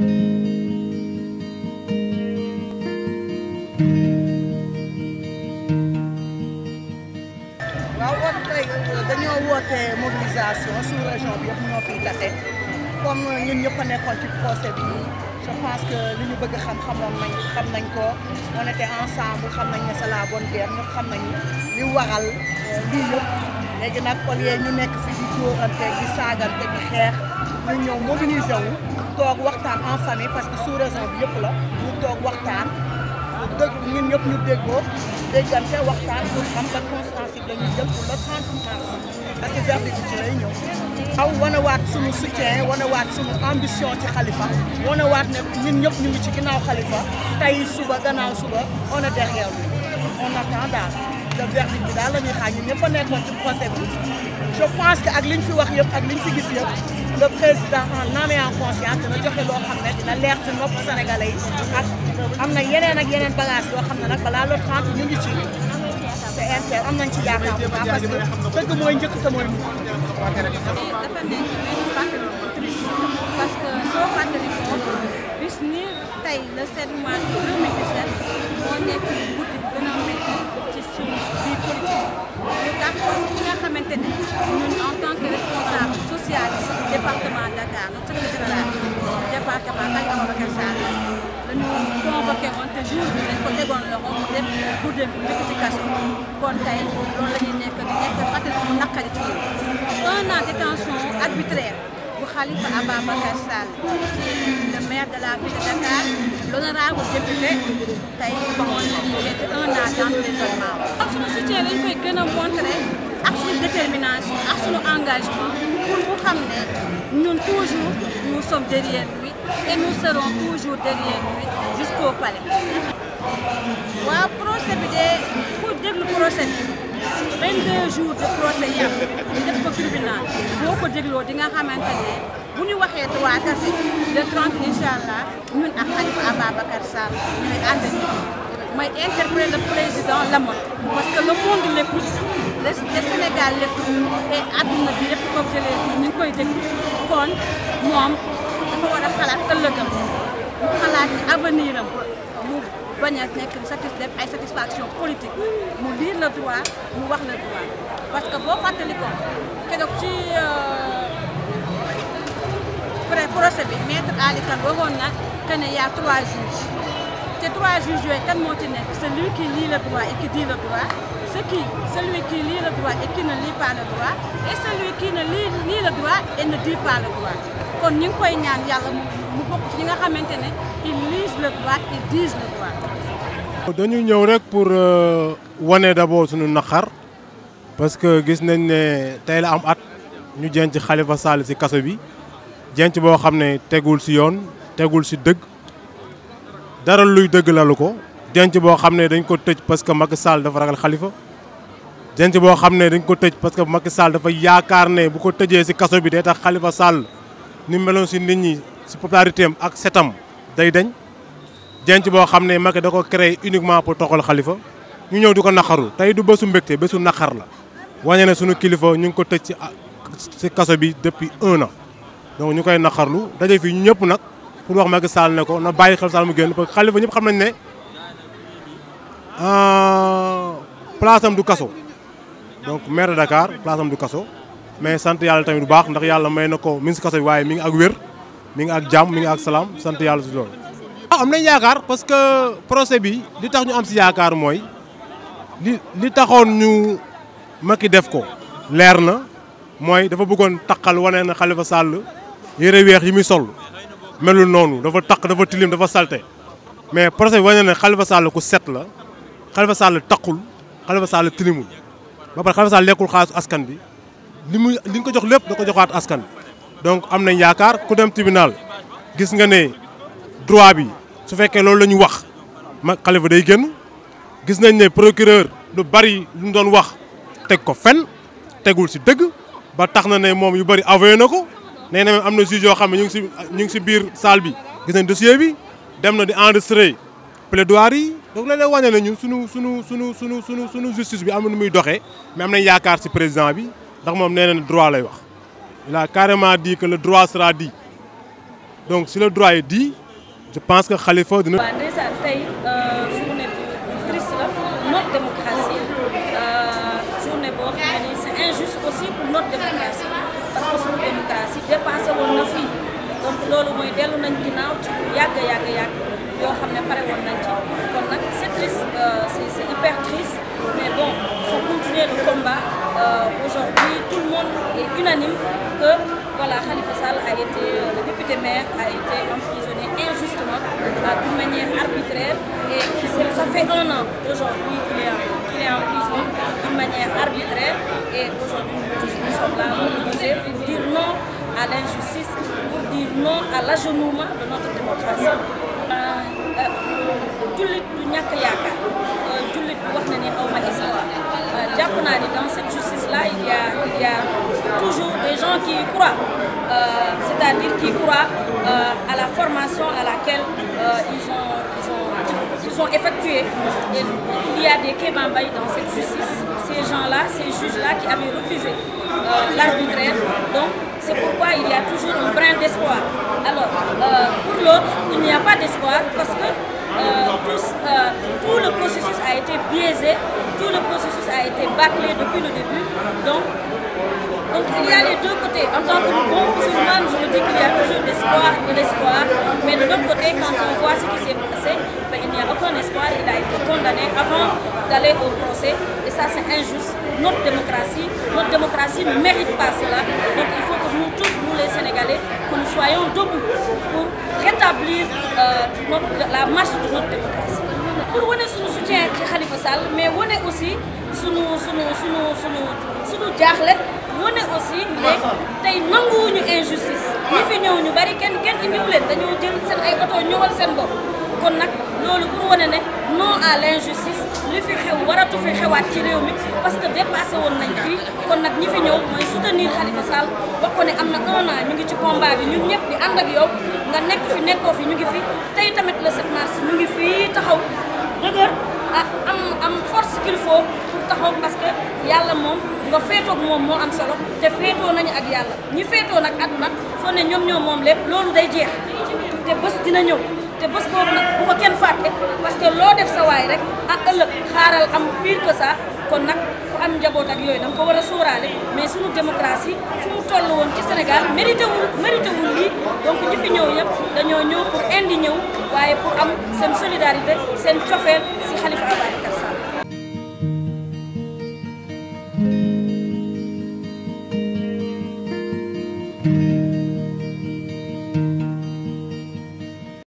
waaw wax tey dañoo woote mobilisation sous région bi yëpp ñoo fiy tase comme ñun ñëpp a nekkoon ci procès bi je pense que ñu bëgg xam xamoon nañ xam nañ ko on ensemble xam nañ ne c'est la bonne xam nañ li waral euh, lii yëpp léegi nag au lieu ñu nekk fi di jóorante di saagante di xeex ñu ñëw mobilisé wu toog waxtaan en famille parce que sous-région bi yëpp la ñu toog waxtaan dëgg ñun ñëpp ñu déggoo déggante waxtaan pour xam ba constance yi dañuy jëm pour le 30 mars parce que verdict ci lay ñëw aw wanawaat suñu soutien wanawaat suñu ambition ci xalifa wanawaat ne ñun ñëpp ñu ci ginnaaw xalifa tey suba gannaaw suba on est derrière lui on attend daal le verdict bi daal la ñuy a nekkoon ci procès bi je pense que ak li ñu fi wax yëpp ak li ñu fi gis yëpp le président en âme et en conscience dina joxe loo xam ne dina leer ci nopp sénégalais yi ak am na yeneen ak yeneen bagage yoo xam ne nag balaa le 30 ñu ngi ci te inter am nañ ci yaakaar bu baax parce que dëgg mooy njëkk te mooy mujj. dafa nekk benn fàttali bu triste parce que soo fàttali ko bis ni tey le 7 mars 2017 moo nekk. xamante ne ñun en tant que responsable département Dakar notre secrétaire général département Kane Ababacar Sarr dañu convoqué woon te jour bi dañ ko tegoon loxo mu def pour dem bu njëkk kaso kon tey loolu la nekk di nekk fàttali mu naqari ci un an détention arbitraire bu Khalifa Ababacar Sall le maire de la ville de Dakar l'honorable député tey ba moon la ñuy fekk un an d'emprisonnement suñu soutien dañ koy gën a montré ak suñu détermination ak suñu engagement pour mu xam ne ñun toujours nous sommes derrière lui et nous serons toujours derrière lui jusqu'au palais. waaw procès bi de pour déglu procès bi 22 jours de procès yam ñu def ko tribunal boo ko dégloo di xamante ne bu ñu waxee trois kasi le 30 incha allah ñun ak Khalifa Ababacar Sall ñooy ànd ak mooy interpréter le président Lamone parce que le monde l'écoute le Sénégal lépp te adduna bi lépp comme je l'ai ñu ngi koy dégg kon moom dafa war a xalaat ëllëgam mu mu bañ nekk satis ay satisfaction politique mu lire le droit mu wax le droit parce que boo fàttali ko keroog ci euh, pré procès bi maître Ali Kane waxoon na que ne y a te trois juges yooyu kan moo ci nekk celui qui lit le droit et qui dit droit ce qui, celui qui lit le droit et qui ne lit pas le droit et celui qui kon ñu ngi koy ñaan yàlla mu bokk ci ñi nga xamante ne ils lisent le droit et disent le droit. dañu ñëw rek pour euh, wane d'abord suñu naqar parce que gis nañ ne tey la am at ñu jenc Khalifa Sall ci kaso bi jenc boo xam ne tegul ci yoon tegul ci dëgg dara luy dëgg lalu ko. denc boo xam ne dañ ko tëj parce que Macky Sall dafa ragal Khalifa denc boo xam ne dañ ko tëj parce que Macky Sall dafa yaakaar ne bu ko tëjee si kaso bi day tax Khalifa Sall ni meloon si nit ñi si popularité ak setam day dañ denc boo xam ne Macky da ko créé uniquement pour toxal Khalifa ñu ñëw di ko naqaru tey du bésu mbégte bésu naqar la wàññi ne suñu kilifa ñu ngi ko tëj si kaso bi depuis un an donc ñu koy naqarlu daje fii ñu ñëpp nag pour wax Macky saal ne ko na bàyyi Khalifa Sall mu génn parce que Khalifa ñëpp xam nañ ne Euh, place am du kaso donc maire de Dakar place am du kaso mais sant yàlla tamit bu baax ndax yàlla may na ko mi ngi si kaso bi waaye mi ngi ak wér mi ngi ak jàmm mi ngi ak salaam sant yàlla si loolu. Ah, am nañ yaakaar parce que procès bi li tax ñu am si yaakaar mooy li li taxoon ñu Macky def ko. leer na mooy dafa bëggoon taqal wanee na Khalifa Sall yére weex yi muy sol melul noonu dafa taq dafa tilim dafa salte mais procès bi wane na Khalifa Sall ku set la. Khalifa Sall taqul Khalifa Sall tilimul ba pare Khalifa lekkul xaalisu askan bi li muy li nga ko jox lépp da ko joxaat askan bi donc am nañ yaakaar ku dem tribunal gis nga ne droit bi su fekkee loolu la wax ma Khalifa day génn gis nañ ne procureur lu bari lu mu doon wax teg ko fen tegul si dëgg ba tax na ne moom yu bari avoué na ko nee na am na juge yoo xam ne ñu ngi si ñu ngi si biir salle bi gis nañ dossier bi dem na di enregistré plaidoirie yi donc loolu lay wane la ñun suñu suñu suñu suñu suñu suñu justice bi am nu muy doxee mais nañ yaakaar ci président bi ndax moom nee na droit lay wax il a carrément dit que le droit sera dit donc si le droit est dit je pense que Khalifa dina. Euh, euh, loolu mooy dellu nañ ginnaaw ci yàgg yàgg yàgg. m'anime que voilà, Khalifa a été, euh, le maire a été emprisonné injustement, euh, d'une manière arbitraire. Et ça fait un an aujourd'hui qu'il est, qu d'une manière arbitraire. Et aujourd'hui, nous sommes là mobilisés dire non à l'injustice, pour dire non à l'agenouement de notre démocratie. Euh, jullit du ñàkk yaakaar jullit bu wax na ni aw ma espoir dans cette là, il y, a, il y a, toujours des gens qui y croient, euh, c'est-à-dire qui croient euh, à la formation à laquelle euh, ils, ont, ils, ont, ils, ont, effectué. Et il y a des Kébambaï dans cette justice, ces gens-là, ces juges-là qui avaient refusé euh, l'arbitraire. Donc, c'est pourquoi il y a toujours un brin d'espoir. Alors, euh, pour l'autre, il n'y a pas d'espoir parce que Euh, euh, tout le processus a été biaisé, tout le processus a été bâclé depuis le début. Donc, il y a les deux côtés. En tant que bon musulman, je me dis qu'il y a toujours l'espoir, Mais de l'autre côté, quand on voit ce qui s'est passé, ben, il n'y a aucun espoir. Il a été condamné avant d'aller au procès. Et ça, c'est injuste pour notre démocratie. Notre démocratie ne mérite pas cela. Donc il faut que nous tous, nous les Sénégalais, que nous soyons pour rétablir euh, notre, la marche de notre démocratie. Pour wane suñu soutien ci Khalifa Sall mais wane aussi suñu suñu suñu suñu suñu jaaxle wane aussi ne tey nanguwuñu injustice ñi fi ñëw ñu bari kenn kenn indiwu leen jël seen ay oto ñëwal seen bopp kon nag loolu pour wane ne non à l'injustice li fi xew waratu fi xewaat ci réew mi parce que dépassé woon nañ fii kon nag ñi fi ñëw mooy soutenir Khalifa Sall wax ne am na un ñu ngi ci combat bi ñun ñëpp di ànd ak yow nga nekk fi nekkoo fi ñu ngi fi tey tamit le 7 mars ñu ngi fii taxaw dëgër am am force qu'il faut pour taxaw parce yàlla moom nga féetoo moom moo am solo te féetoo nañu ak yàlla ñi féetoo nag àdduna foo ne ñoom ñoo moom lépp loolu day jeex te te bés boobu nag bu ko kenn fàtte parce que loo def sa waay rek ak ah, ëllëg xaaral am pire que ça kon nag am njaboot ak yooyu danga ko war a mais sunu démocratie fu mu toll woon ci Sénégal mérité wul lii donc ñi fi ñëw ñëpp dañoo ñëw pour indi ñëw waaye pour am seen solidarité seen cofeel si Khalifa Ababacar Sall